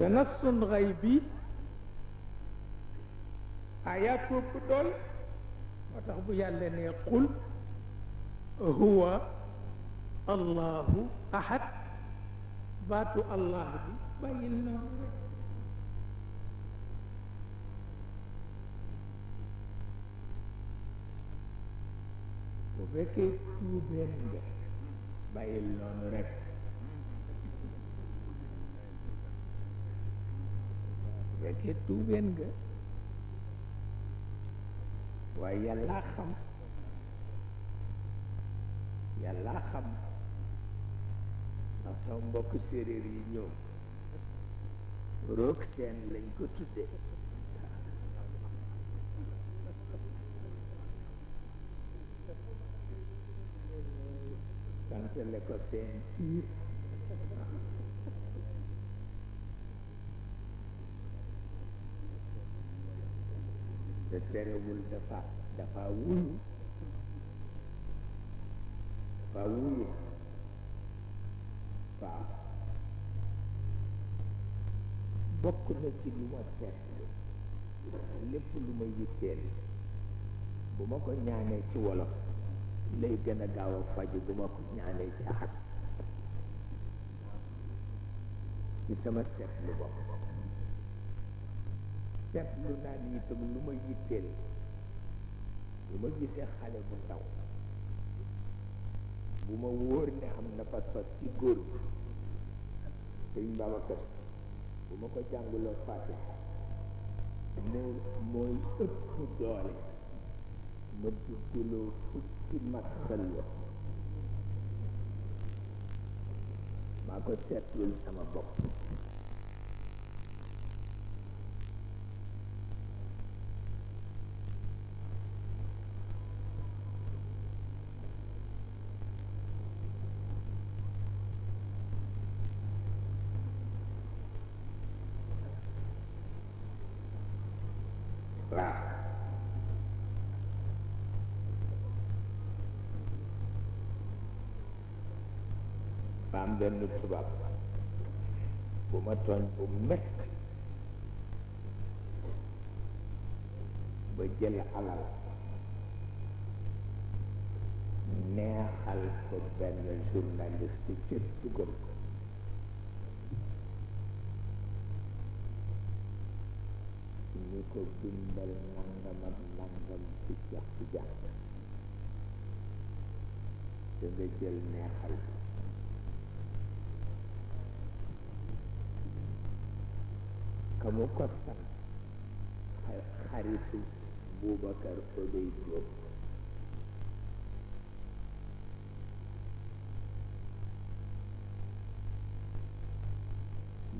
تنص غيبي آيات كدول وتخبو يالين يقول هو الله أحد بات الله بينا bu fekkee tuubeen nga bàyyil noonu fekkee tuubeen nga waaye yàllaa xam yàllaa xam ndax sama mbokk séeréer yi ñoom roog lañ ko tudde santale ko seen piir te terewul dafa dafa wuyu dafa wuyu bokk na ci li ma seetlu lépp lu ma yitteel bu ma ko ñaanee ci wolof lay gën a gaaw a faju bu ma ko ñaanee ci axat ci sama seetlu bopp seetlu naa ni itam lu ma yitteel lu ma gisee xale bu ndaw bu ma wóor ne xam na pas ci góor bi bu ma ko jànguloo fàtte moo mooy ëpp doole ma duggaloo fukki mag xëlwa maa ko seetlul sama bopp benn tubaab bu ma tooñ bu mett ba jël alal neexal ko benn journaliste ci dugal ko ñu ko bindal nangam ak ci jax ci jax da nga jël neexal kamu kosa xaritu Boubacar Odey Diop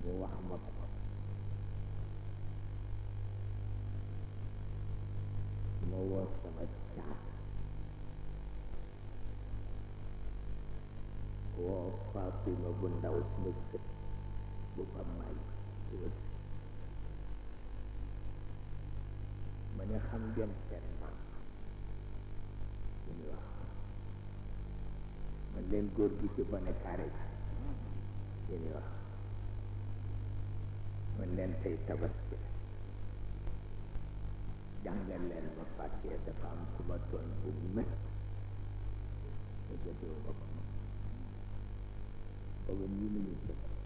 mu wax ma ko ma woo sama caat woo Fatima bu ndaw sama sët bu Pape Malick xam jom seen man leen góor gi ci bone carré suñu wax man leen tey tabaski jàngal leen ma fàttee dafa am ku ma tooñ bu mét te jotee ma ko booba nii la ñu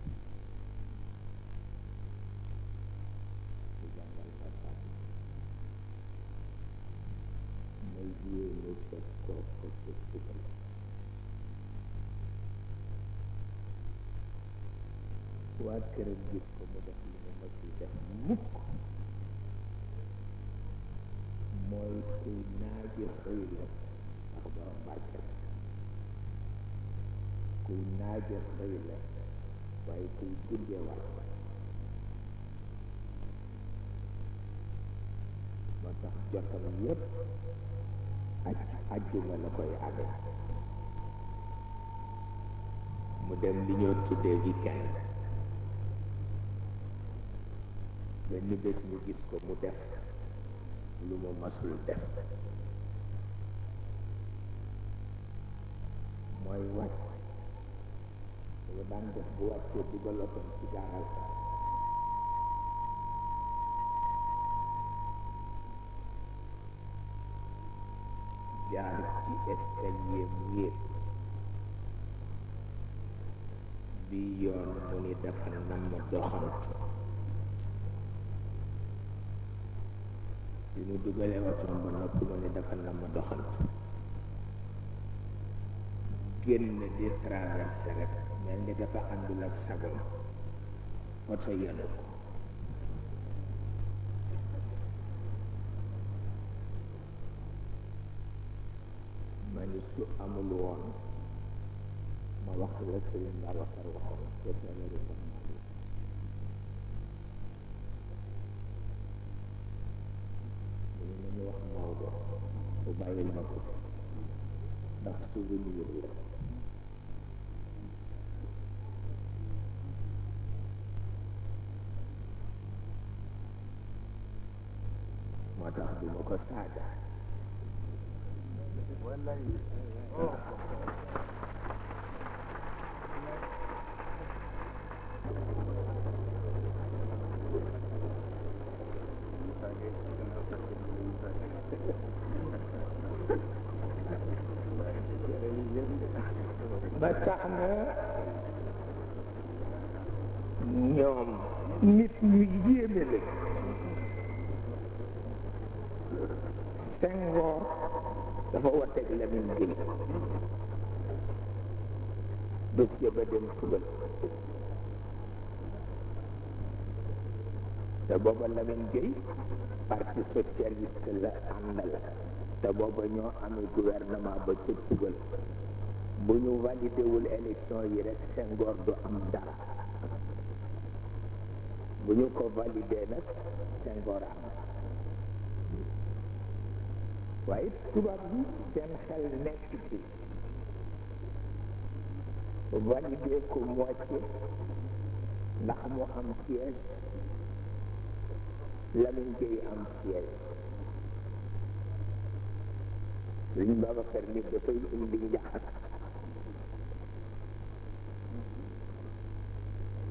bijemy przeciwko kosztów waa këram gis ko mu kuy naaje xëy la ndax borom barke la kuy la yépp aj ajjuma la koy amee mu dem li ñoo tuddee weekend benn bés mu gis ko mu def lu mu masul def mooy wàcc lu daan def bu wàccee dugal otom ci gaaral jaar ci escalier mu yéeg bi yoon mu ni dafa nam ma doxal bi mu dugalee watoon ba noppi mu ni dafa nam ma génn di traversé mel ni dafa àndul ak sago oto yenu ko ne su amul woon ma wax la Sëriñ Babacar waxoon ca téeméeri fan mu ne nañu wax Maodo bu bàyyil ma ko ndax souvenir la moo tax du ma ko saaga ولا tax na ñoom nit ñu yéeme lañ Lamin Giri bés ba dem tugal te booba Lamin Giri parti socialiste la àndal te booba ñoo amee gouvernement ba ca tugal bu ñu validé élection yi rek gor du am dara bu ñu ko validé nag Senghor am waaye tubaab bi seen xel nekk ci validé ko moitié ndax mu am siège Lamine Gueye am siège liñ Babacar li dafay indi njaxas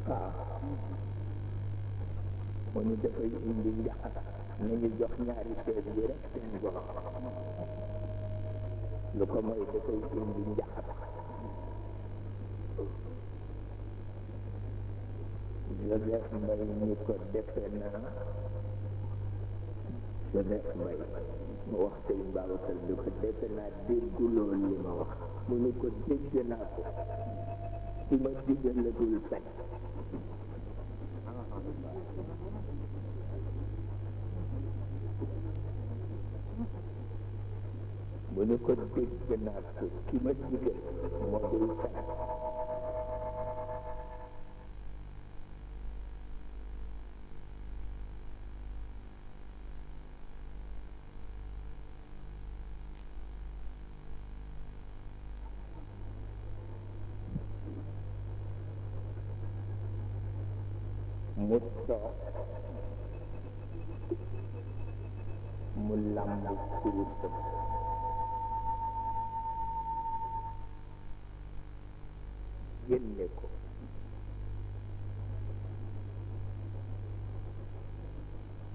waaw mu ni dafay indi njaxas ñu ngi jox ñaari seet yi rek seen bopp lu ko mooy dafay indi njaxat Joseph Mbaye ñu ko defe naa Joseph Mbaye mu wax Sëriñ Babacar lu ko defe naa dégguloo li ma wax mu ne ko dégg naa ko su ma digalagul fen mu ne ko dégg naa ko ki ma digal moo day fen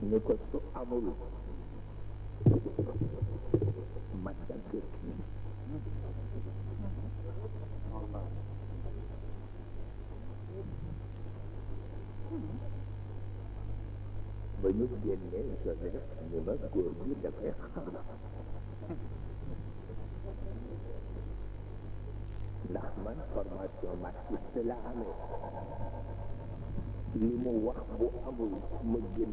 ni ko su amul man da gërki ba ñu génnee Joseph ñu ma góor gi dafay xam ndax man formation marxiste la amee li mu wax bu amul ma génn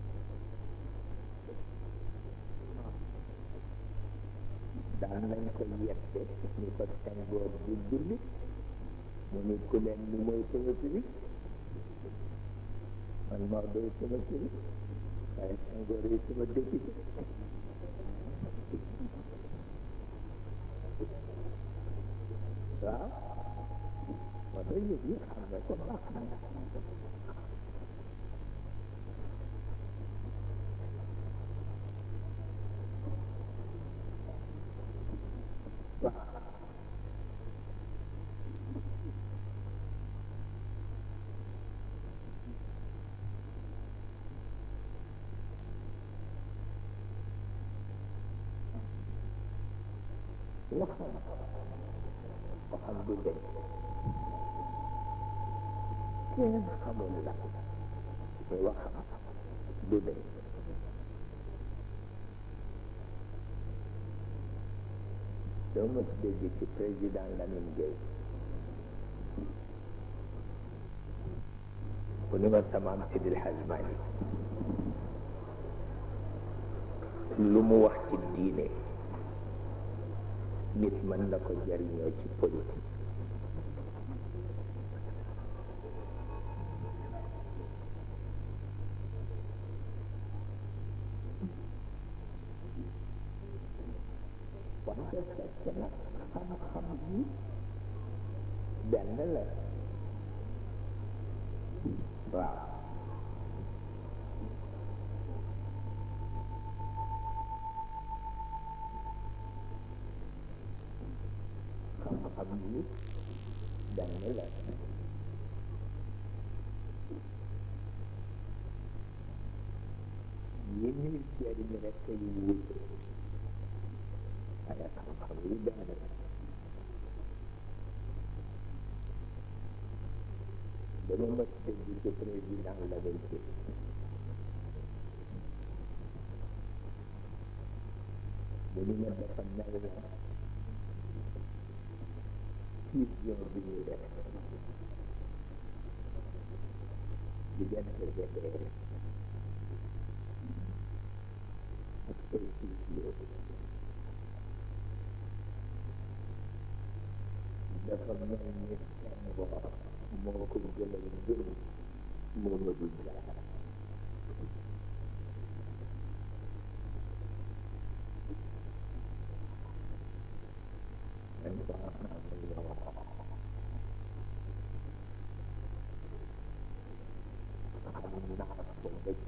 nan ko yette ni ko tan go djulli mo ni ko len ni moy tawti ni man ma do ko tawti ni ay tan go re ko djiti sa ma tayi ni xam na ko la xam na نفسه وقد جدا كيف قبل لك وقع ببيت Domnul Bezici, prezident la Mingei. ونمر تمام سيد الحاج مالك كل واحد الديني Dushmanla koyariyeci politik. Bana da saçlar hanım hanım denirler. ¿verdad? Yeni bir şeyleri merakta yürüyordu. Hala kalmalıyı da hala. Ben onunla sizin götüne bir anla verdi. Benimle bakanlar var. видел в мире. Где Киргизия? Открытый мир. Вдохновляет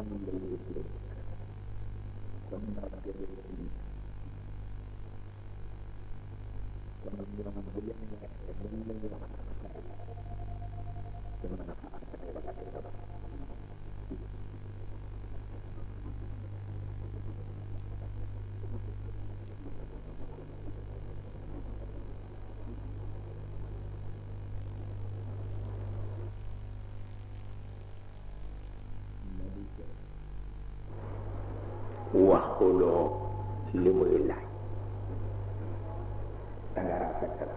Thank you. waxuloo ci li muy laaj da nga rafetal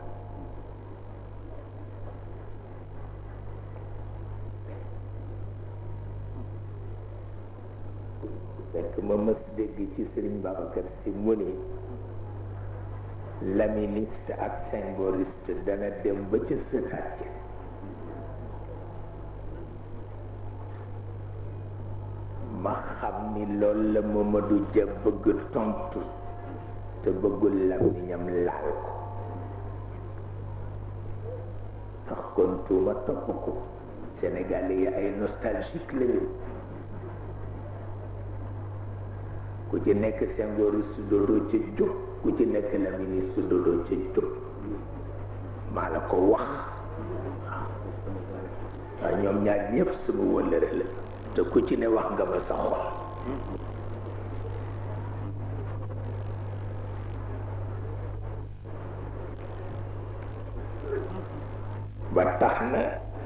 fekk ma mës dégg ci Sëriñ Babacar Si mu ne laministe ak symboliste dana dem ba ca sëtaat du ja bëgg tontu te bëggul làmmiñam laal ko tax kon tuuba topp ko sénégalais yi ay nostalgique lañu ku ci nekk Senghor sudoro ca jóg ku ci nekk Lamine sudoro ci jóg maa la ko wax waaw ñoom ñaar ñëpp sama wëllëre la te ku ci ne wax nga ba sa xol bar tax na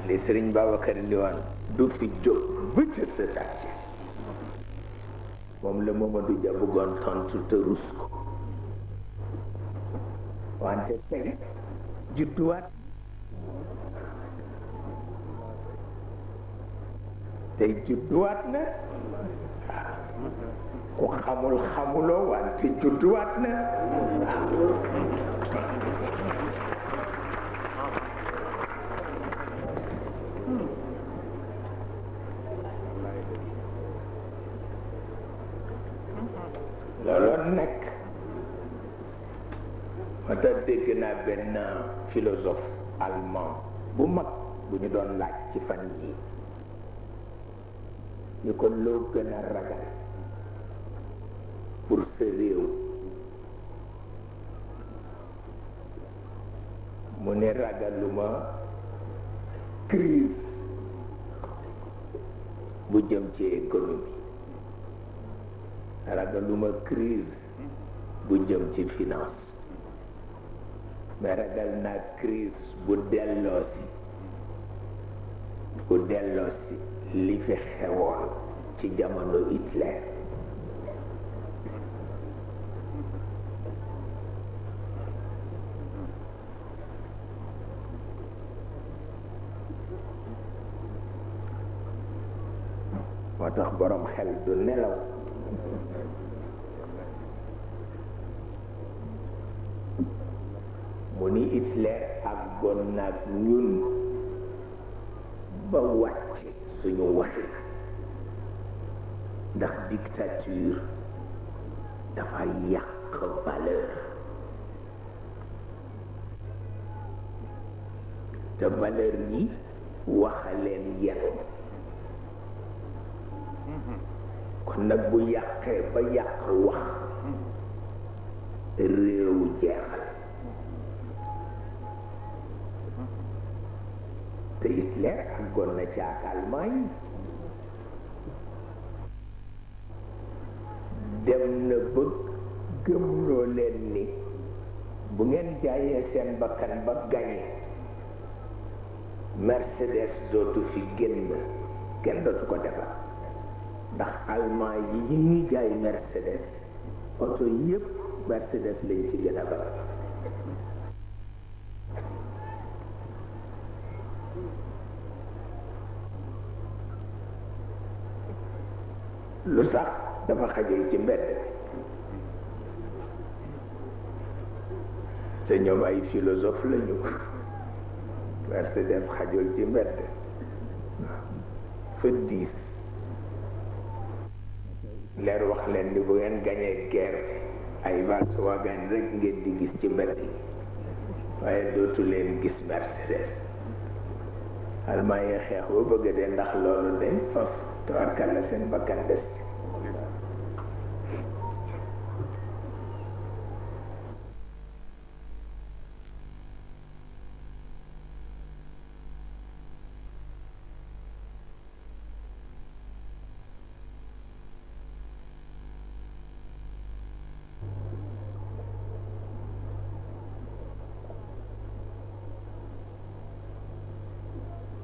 li sëriñ babacar indi woon du fi jóg bëcc sa sàcce moom la momadu ja bëggoon tontu te rus ko wante teg jiddiwaat te jiddiwaat na ku xamul xamuloo wante jiddiwaat na philosophe allemand bu mag bu ñu doon laaj ci fan yii pour sa réew mu ne crise bu jëm ci économie ragaluma crise bu jëm ci finance mais na kris bu delosi bu delosi li fi xewoon ci jamono Hitler moo tax borom xel du nelaw mu ni Hitler ak gon nag ñun ba wàcc suñu waxi ndax dictature dafa yàq valeur te valeur yi waxaleen yàq kon nag bu yàqee ba yàq wax réew jeexal Hitler àggoon na ci ak Allemagne dem na bëgg gëmloo leen ni bu ngeen jaayee seen bakkan ba gañe Mercedes dootu ci génn kenn dootu ko defar ndax allemand yi yi ñuy jaay Mercedes oto yépp Mercedes lañ ci gën a bari lu tax dafa xajee ci mbedd te ñoom ay philosophe lañu Mercedes xajul ci mbedd fa diis leer wax leen ni bu ngeen gañee guerre ay Volkswagen rek ngeen di gis ci mbedd yi waaye dootu leen gis Mercedes almaa yi xeex ba bëgg de ndax loolu dañ faf tawarkal la seen bakkan des ci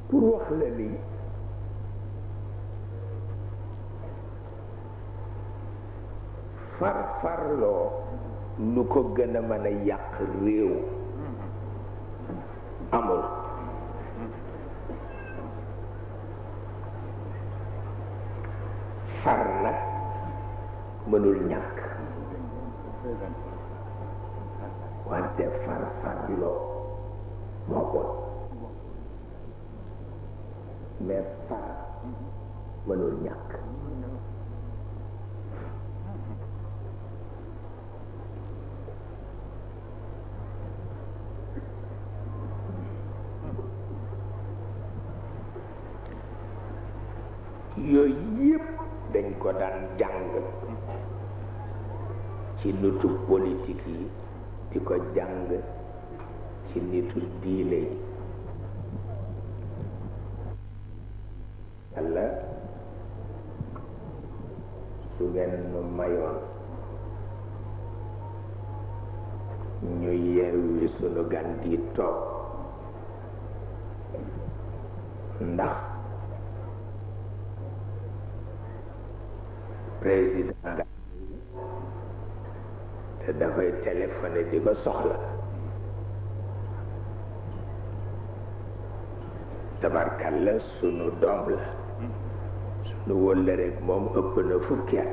pour wax la lii safar lo lu ko gëna mëna yàq réew amul far la mënul ñàkk wante far far lo moo bon mais far nitu politique yi di ko jàng ci nitu diine yi yàlla su ngeen nu mayoon ñu yeewi sunu gan di toog ndax président téléphoné di ko soxla tabarkal la sunu doom la sunu wëllëreek moom ëpp na fukki at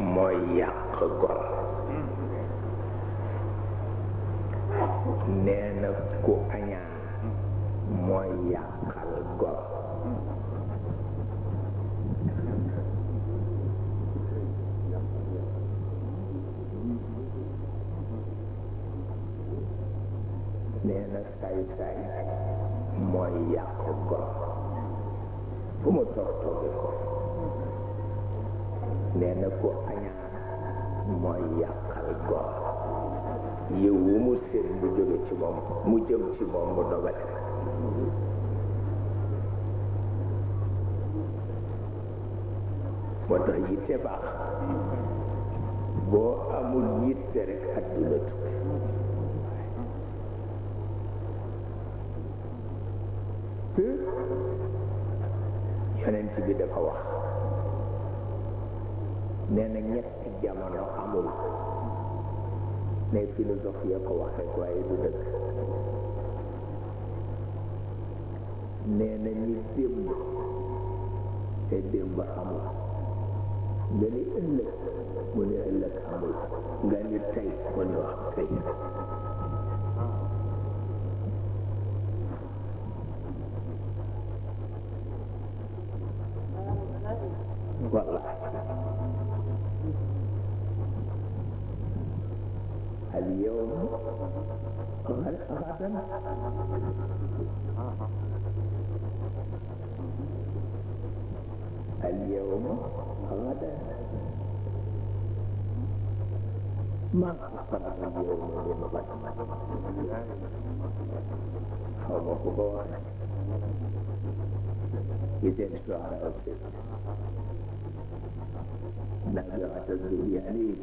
moyak gwa nena ko anya moyak gwa nena sai sai moyak gwa Como torto de costa. nee na ko añaan mooy yàqal góor yiw wu mu jóge ci moom mu jëm ci moom mu dogale moo tax yitte baax boo amul yitte rek adduna tukki te hmm? yonent bi dafa wax nee na ñetti jamono amul ne philosophie ya ko wax ko waaye du dëkk nee na ñi démb te démb amul nga ni ëllëg mu ne ëllëg amul nga ni tey mu ne wax اليوم غدا ما أخطر اليوم لمغدا حوله بوارك إذا شعر أبسط نزعت الدنيا عليك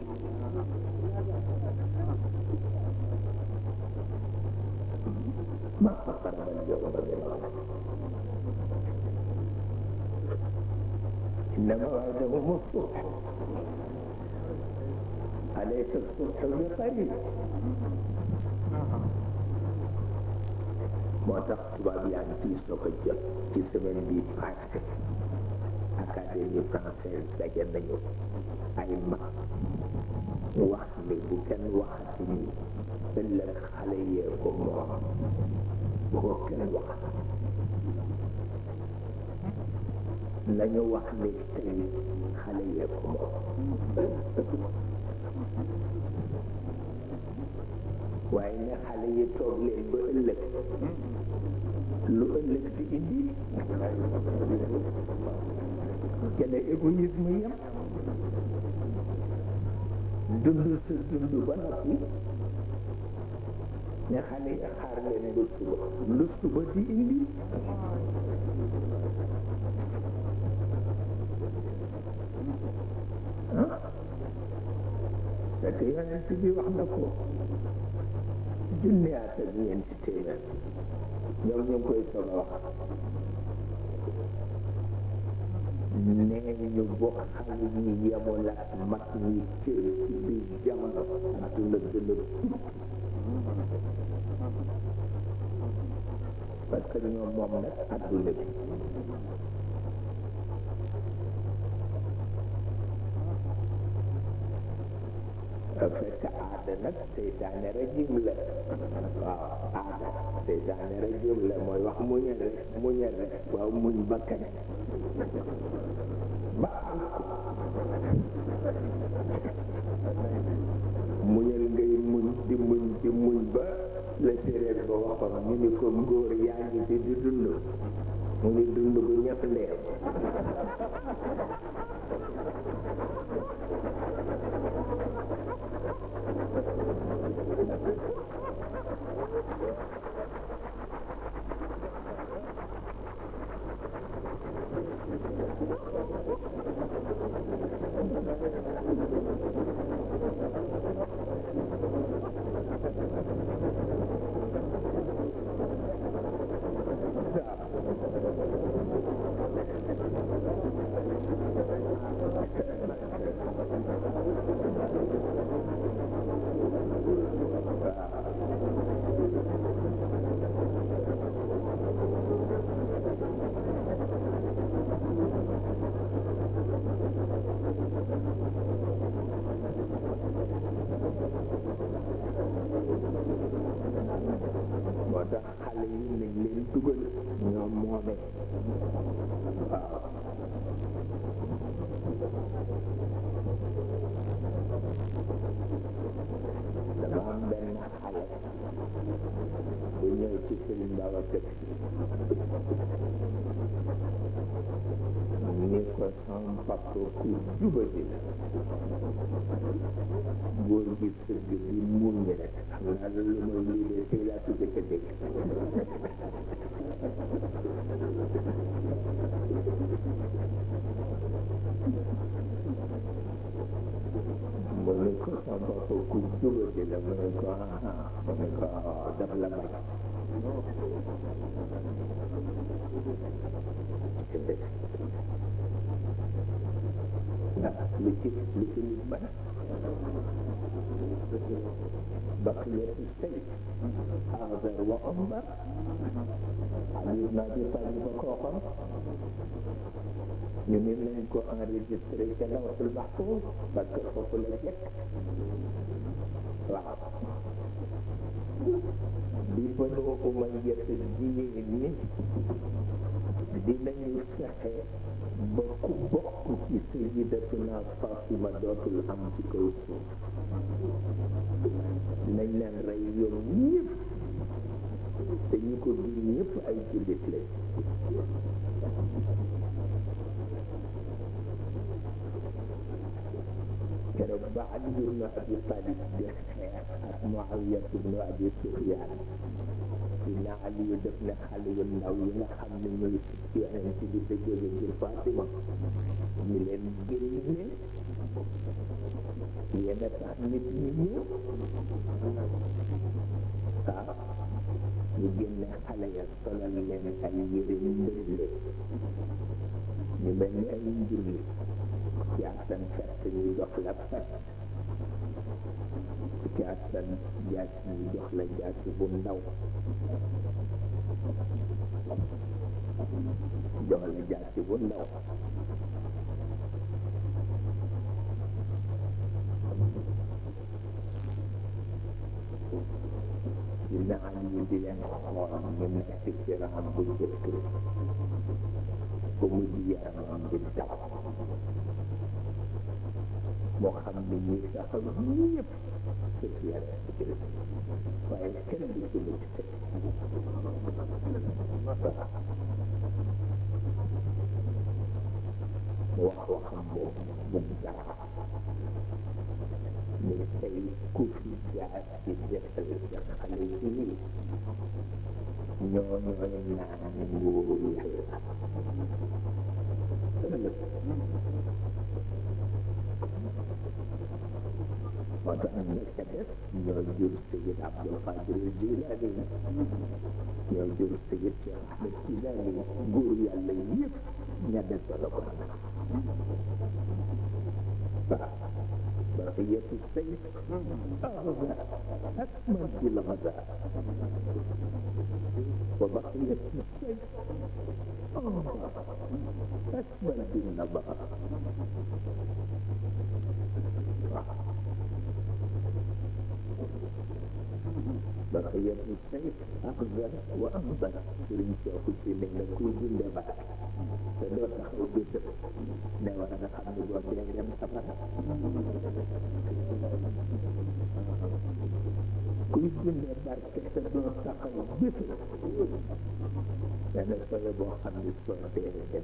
النبي moo tax tubaab yaa ngi fii soo ko jot ci semaine bii passé académie française daje nañu ay mag wax ni bu kenn waxati ni ëllëg xale yee ko moom bu ko kenn wax nañu wax ni tey xale yee ko moom yi toog leen ba ëllëg lu ëllëg di indi ca la égoïsme yam dund sa dund ba noppi ne xale yi xaar leen lu suba lu suba di indi fekk yonent bi wax na ko junni at ak ñeenti téeméer ñoom ñu ngi koy soog a wax nee ñu bokk xale yi yemoon ak mag ñi cër ci biir jamono adduna gën a parce que ñoom fekk aada nag seytaane rajim la waaw aada seytaane rajim la mooy wax muñal rek waaw muñ ba am muñal ngay muñ di muñ di muñ ba la séeréer ba waxoon ñu ni ko ngóor yaa di dund mu ngi dund bu ñëpp neex davet et. Vuol dire che l'immondere, una delle moglie che la tu che te dica. Menurutku sama kuku juga tidak menurutku. Yusuf Rizka dan Rasul Mahfuz Baca Rasul Mahfuz Selamat Di penuh hukuman dia sendiri ini Dia menyusahkan Berkubok kuki sendiri Dan kena Fatimah Dato' Amci Kausu Nainan Rayyum Nip Tengikut diri Nip Aikul Deklet Ali ibn Abi Talib di xeex ak Muawiya ibn Abi Sufyan dina Aliou def na xale yu ndaw yi xam ne ñuy yonent bi da jóge ngir Fatima ñu leen génne yéen tax nit ñi ñëw ah ñu génne xale ya solal leen ay yére ñu mbërile ñu mel ni ay njurli yaa san fett ñu dox la fett ci attan jaas ñu jox la jaas bu ndaw jox la jaas bu ndaw dina am ñu di leen xool ñu nekk ci yaram bu jëkk ba mu di yaram am di taw Bukan bingit atau bingit Sekian Baik kena bingit Wah-wah kambuh Bukan Mesti kufi jahat Kisah-kisah Kali ini Nyonya-nyonya Nyonya-nyonya Między rozstrzygnięcia mężczyznami góry ale nie nie bez zadowolenia. بقية السيف أرضى أكمل في الغداء وبقية السيف أرضى أكمل في النظر Bahaya ini Akhzal wa akhzal Rinsya kusi mengenai kujin dan bahas Sedot tak ujit Dan warna kami buat yang dia mencapai Kujin dan bahas Kita sedot tak ujit Dan saya buat kami Sedot tak ujit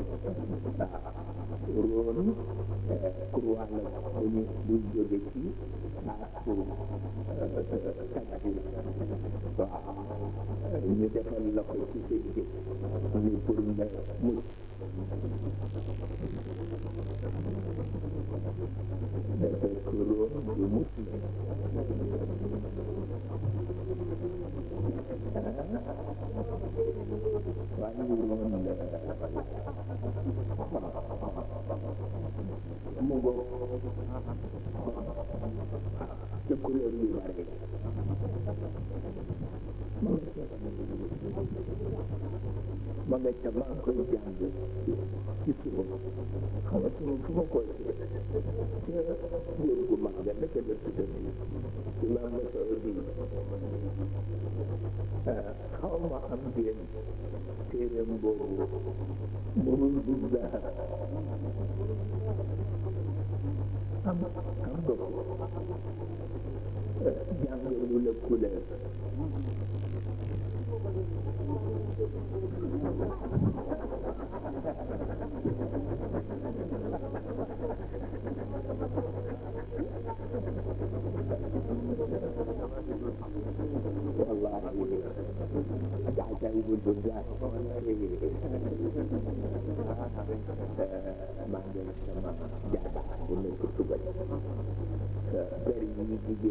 to mm-hmm. give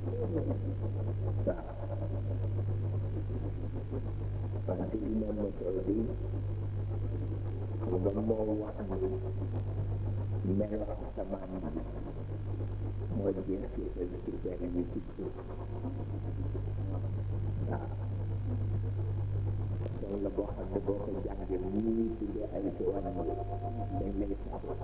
sini tak pasti Imam Masyari nombor warna merah sama mau dia sikit dan sikit jangan di situ tak saya lebah lebah jangan di sini tidak ada seorang yang lebih sabar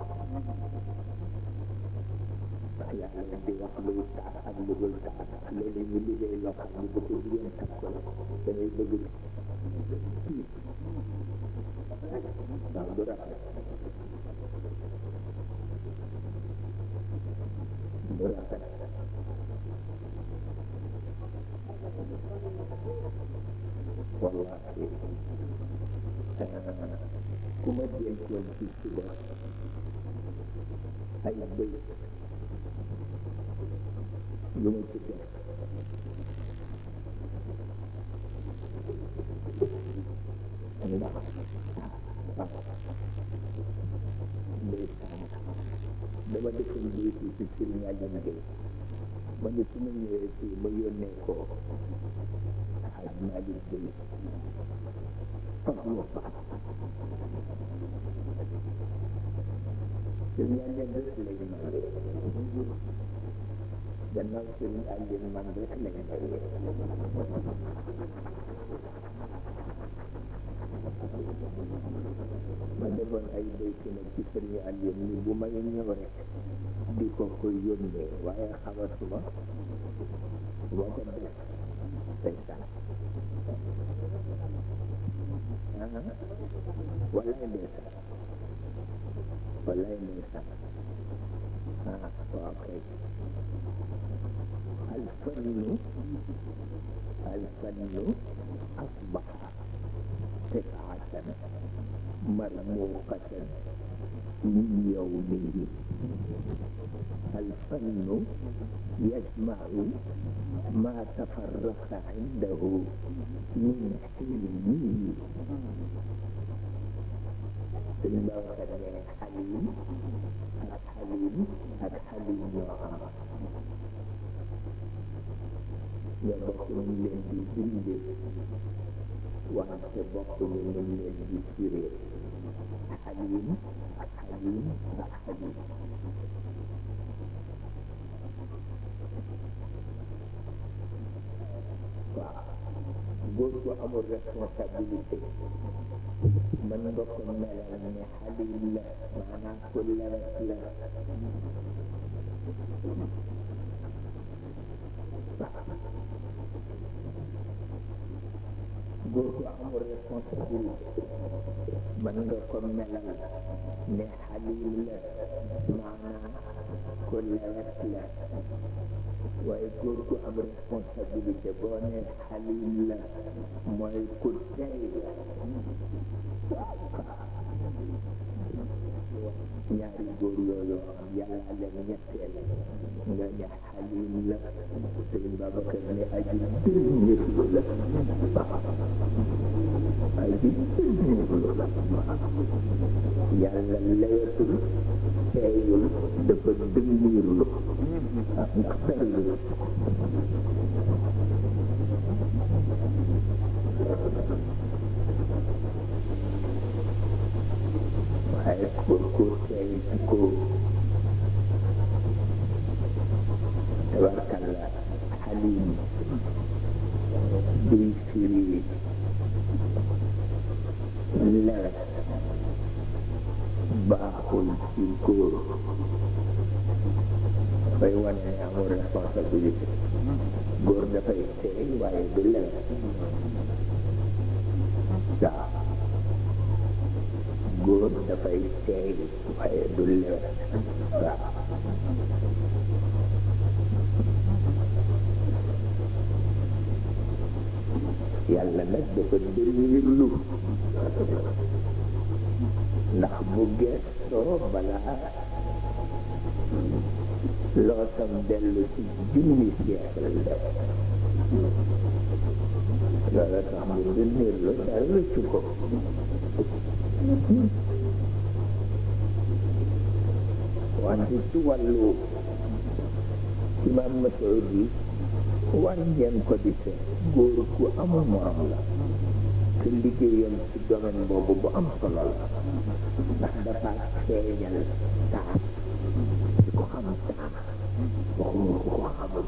Dunianya dia boleh menarik Dan nak sini ada memang dia kena yang baik Mana pun saya boleh kena kisah ni ada ni Bumai ni orang Di kongkul yun ni Waya khabar semua Waya khabar Walaupun biasa والله موسى وأقيت الفن الفن أصبح قطعة مرموقة من يومه الفن يجمع amul responsabilité mën nga ko melal ne xalil la maanaam ku lewet la góor gu amul responsabilité mën nga ko melal ne xalil la maanaam ku lewet la waaye góor gu am responsabilité boo nee xalil la mooy ku tey ñaari góor yooyu yàlla leen ñetteel nga ne xalim la sëriñ Babacar ne aji dernier la aji dernier la yàlla layatul teeyul dafa dëngiirlu ndax perlu ficou, que ficou. ci domaine boobu bu am solo la ndax dafa feeñal taar di ko xam taar waxuma ko ko xamul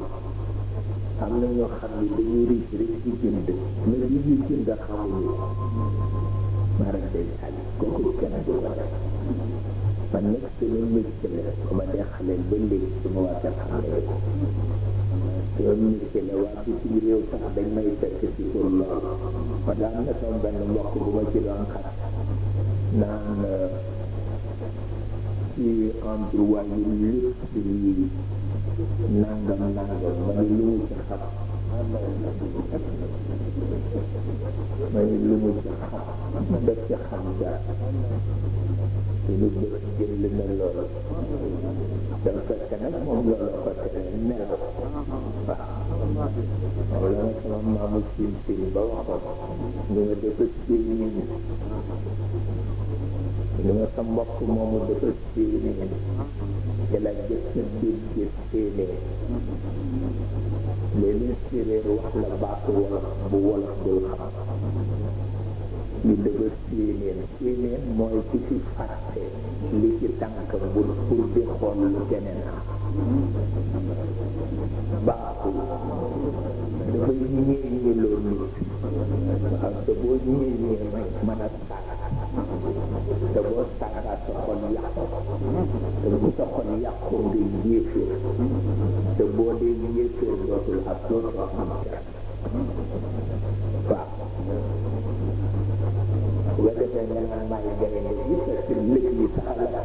am na ñoo xam ne dañuy riis rek ci jënd mais li ñuy jënd xamuñu maanaam kooku kenn du ko def man nag sama métier la ba ma dee ba léegi su ma xam ne ko ومن الكلوات يوسع بين ميتة الله ودعنا لهم بين الوقت وجل أنكر نعم في أمر ويلف نعم نعم ويلوك حق ไม่รู้จะขับมันจะขับจะ يجب الجل من الله لو فكنتهم لو فكناه ولما تمام مسلم في البرحة لمدفتين لما سمبقكم ومدفتين إلى جسم بالجسين لنسر الوحلة بعث ورحب ورحب الخاص Di bersih ini ini mau ikuti fase likit tangan ke bulu kurdi khol jenena baku lebih ini ini lulu sebuah ini ini mana tak sebuah tak ada sokon yak sebuah sokon yak kurdi yifir sebuah di yifir sebuah sokon yak وبدأنا ما يجري الذي يسلك التي تعالى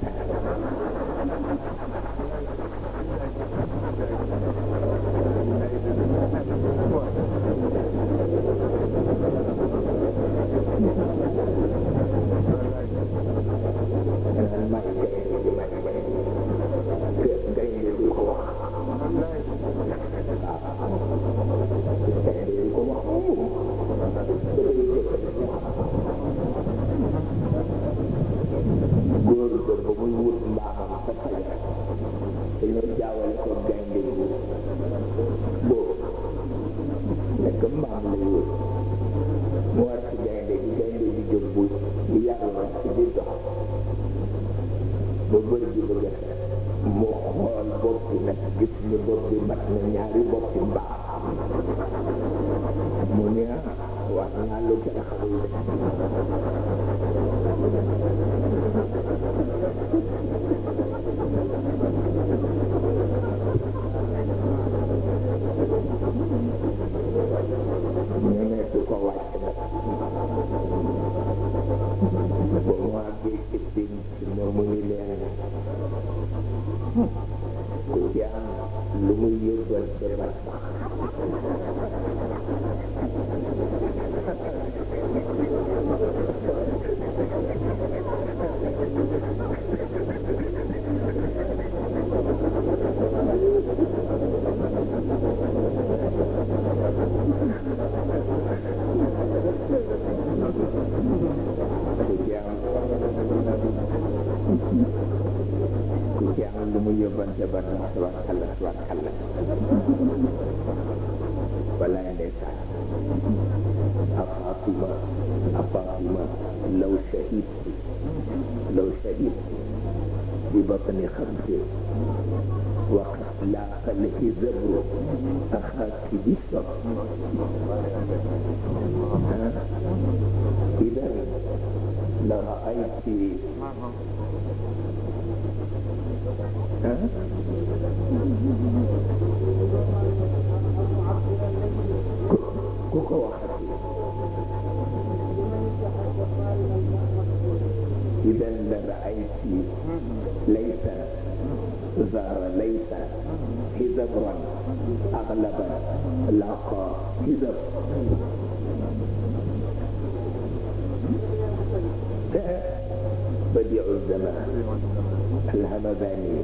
أما فاطمة لو شهدت لو شهدت ببطن خبزه وقد لاق الهذر أخاك بشر إذا لرأيت ها أغلب العقائد بديع الزمان الهمذاني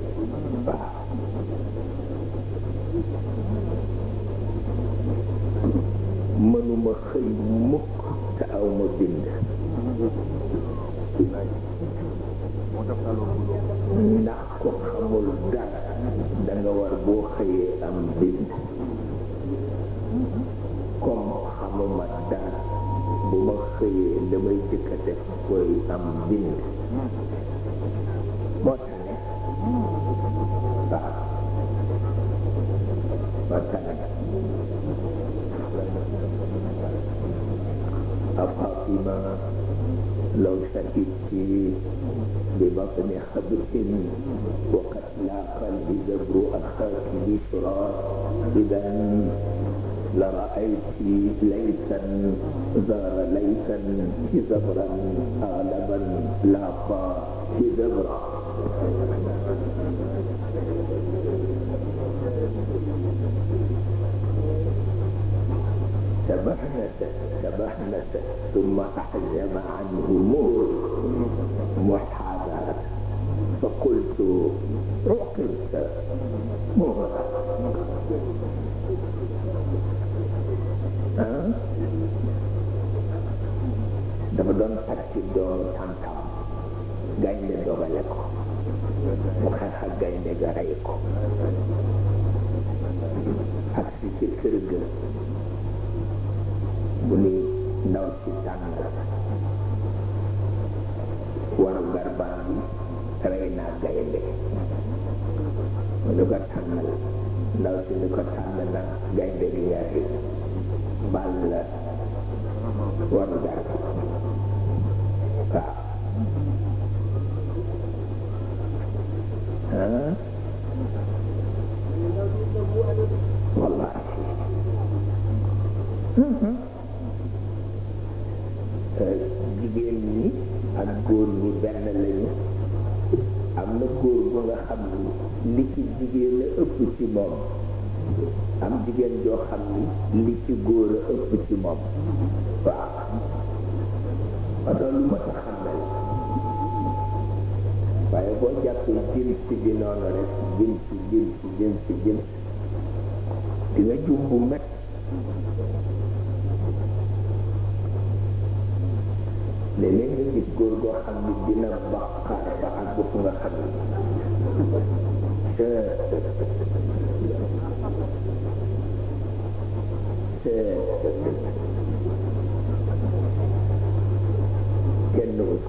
ثم تحجب عنه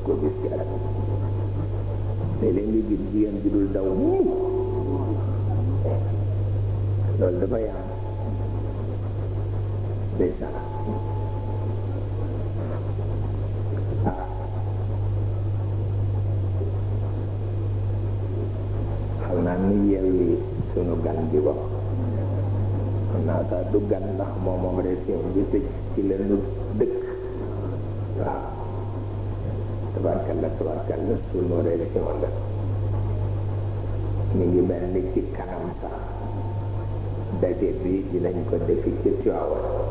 ko gis ci arab té lé ngi gis bi yam jidul daw lol dama ya bessa xalna ni yelli sunu gan di wax na ta du gan ndax momom rek ci ci lenu dinañ ko dëkk ci Tiwaawan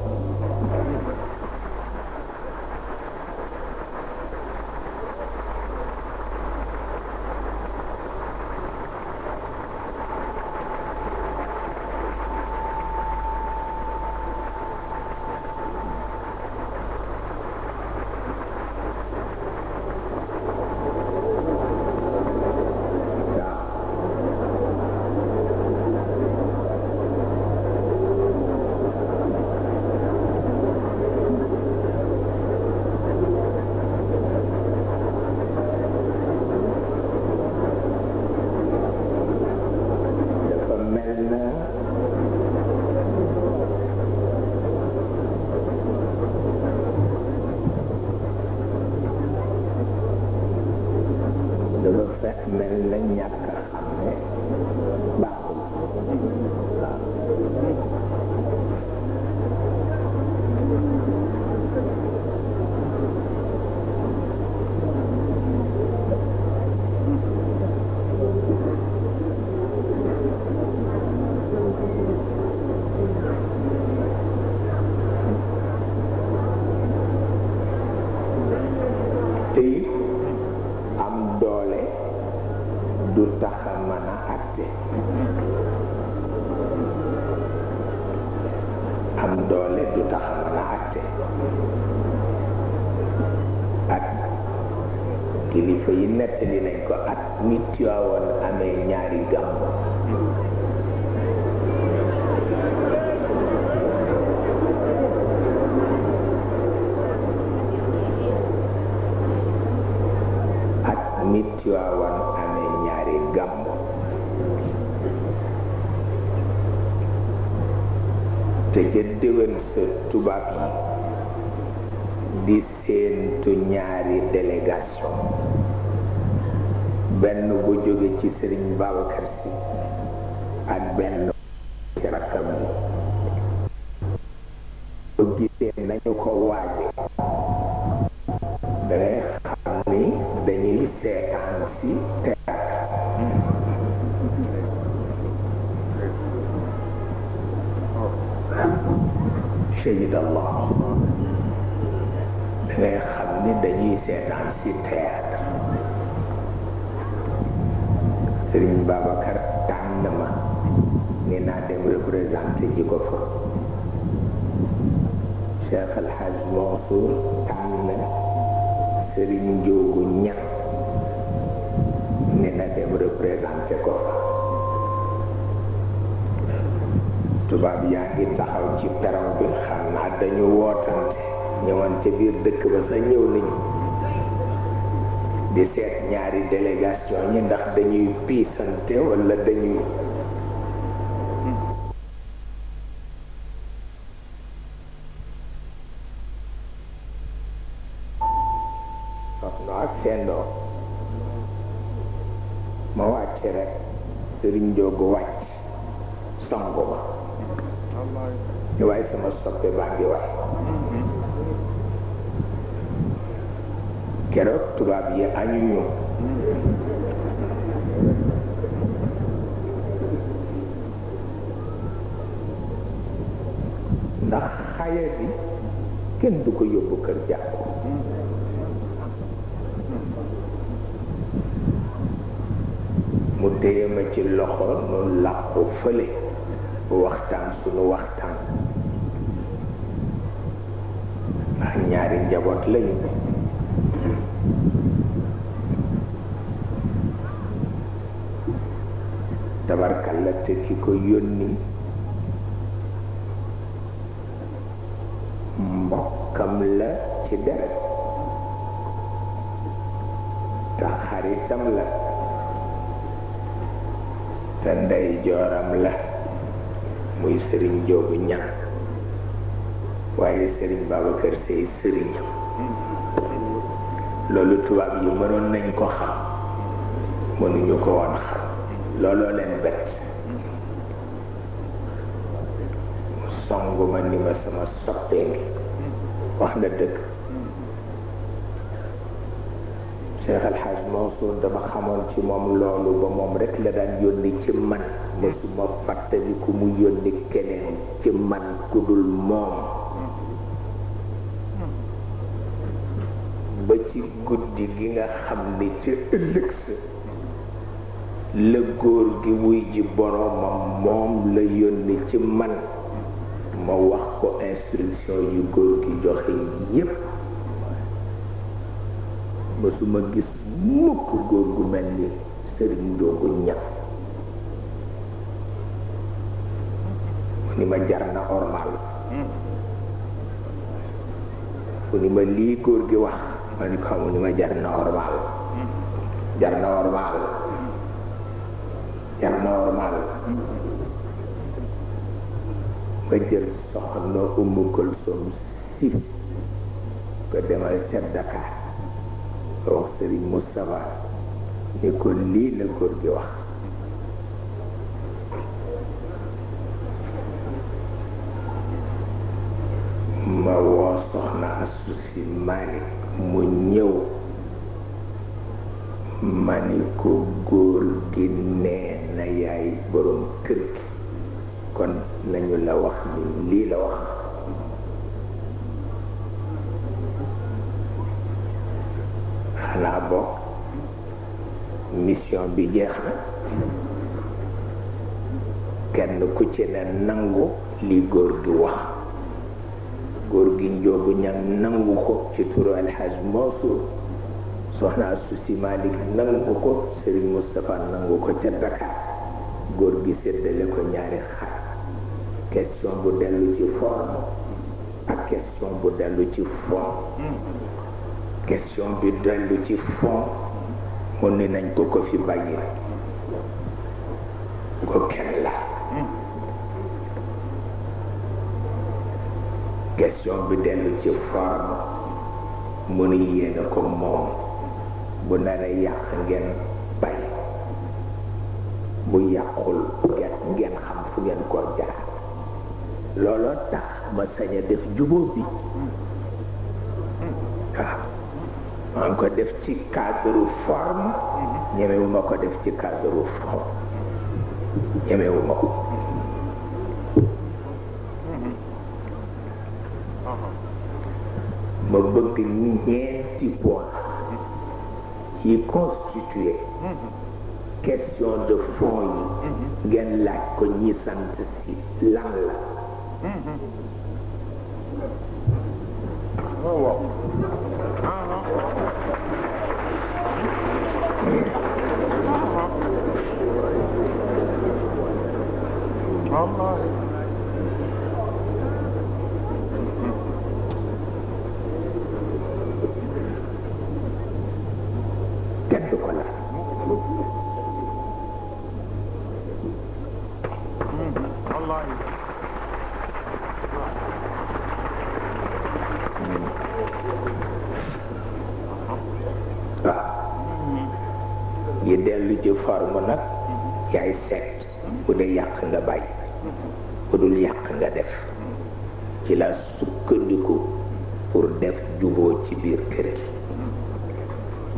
kilifa yi nettali nañ ko at nit Tiwaawan amee ñaari gàmmu at nit Tiwaawan amee ñaari gàmmu te ca déwén sa tubaab di séentu ñaari délégation benn bu jóge ci Serigne Babacar Sy ak Serigne Babacar tànn ma ne naa dem représenté ji ko fa Cheikh Al Hadj Mansour tànn Serigne Ndiogu ña ne na dem représenté ko fa tubaab yaa ngi taxaw ci peron bi xam naa dañu wootante ñëwoon ca biir dëkk ba sa ñëw nañu di seet ñaari délégation yi ndax dañuy piisante wala dañuy Mansour dama xamoon ci moom loolu ba moom rek la daan yónni ci man mosuma fàttali ku mu yónni keneen ci man ku dul moom ba ci guddi gi nga xam ni ci ëllëg sa la góor gi wuy ji boroomam moom la yónni ci man ma wax ko instruction yu góor gi joxe yépp mësuma gis mukk góor gu mel ni sëriñ doo ko ñàkk mu ni ma jar na ormal mu ni ma lii góor gi wax ma ni ma jar na ormal jar na ormal jar na ormal ma jël soxna Umu Kulsum si ko demal ca Dakar nga wax Serigne ni ko lii la góor gi wax ma woo soxna Astou Sy mu ñëw ma ni ko góor gi nee na yaay borom bi jeex na kenn ku ci ne nangu li góor gi wax góor gi njoogu ñam nangu ko ci turu alxaj Mansour soxna su si Malick nangu ko Serigne Moustapha nangu ko ca Dakar góor gi séddale ko ñaari xar question bu dellu ci forme ak question bu dellu ci fond hmm. question bi dellu ci fond mu ne nañ ko ko fi bàyyi ko kenn la question bi dellu ci forme mu ne ko moom bu nara yàq ngeen bàyyi bu yàqul ngeen ngeen xam fu ngeen koo jaar looloo tax ma sañ def jubóo bi waaw maa ngi ko def ci cadre forme ñemewu ma ko def ci cadre fond ñemewu ma ko ma bëgg ñeenti point yi constitué question de fond yi ngeen laaj ko ñi sant si lan la oh, Allah.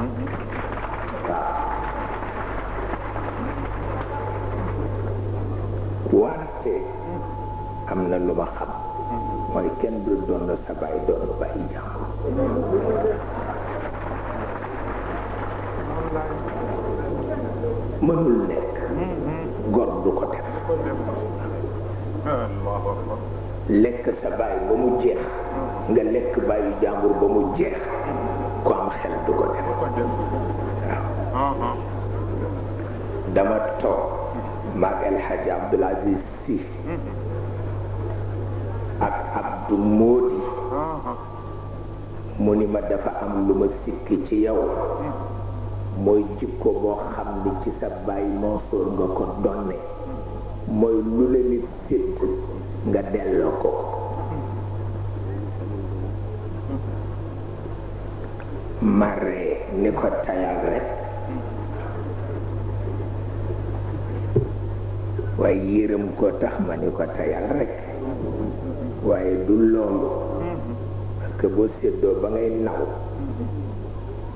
waaw warte am na lu ma xam mooy kenn du doon sa baay doon baay jàmm mënul ci sa baay Mansour nga ko donne mooy lu la nit sédd nga ko maree ni ko tayal rek waaye yërëm tax ma ni tayal rek waaye du loolu parce que boo séddoo ba ngay naw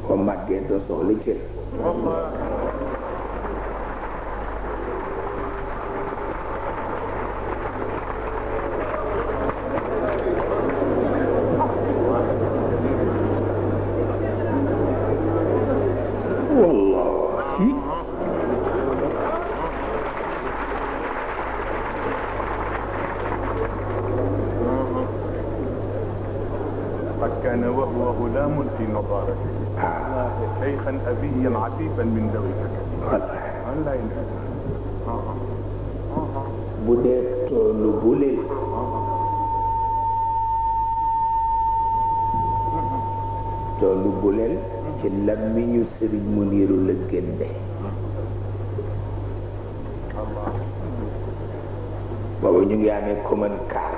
boo màggee doo bu dee toolu bulil toolu bulil ci làmmiñu sëriñ Muniru la génne boobu ñu ngi amee commune car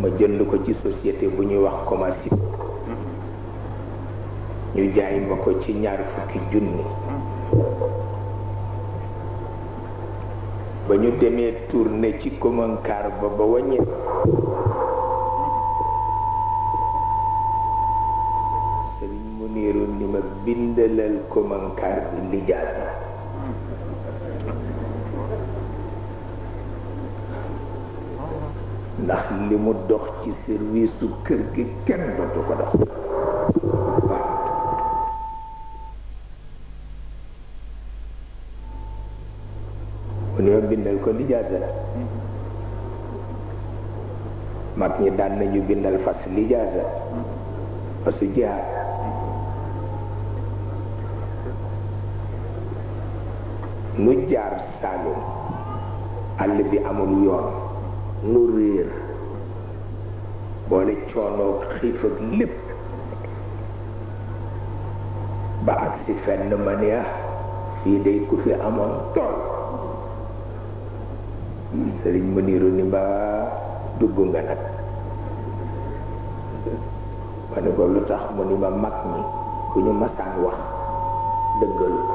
ma jënd ko ci société bu ñuy wax commerce ñu jaay ma ko ci ñaar fukki junni ba ñu demee tourné ci commune car ba ba wàññi sëriñ mu ni ma bindalal commune bi li jaar ndax li mu dox ci service kër gi kenn dootu ko dox bindal ko lijaasa mag ñi daan nañu bindal fas lijaasa fasu jihaad nu jaar Saalum àll bi amul yoon nu réer boole coonoog xiif ak lépp ba ak si fenn ma ne ah, fii day ku fi amoon tool sering meniru nimbah dugung ganat. Pada kalau tak menimbah mak ni, punya masang wah degel.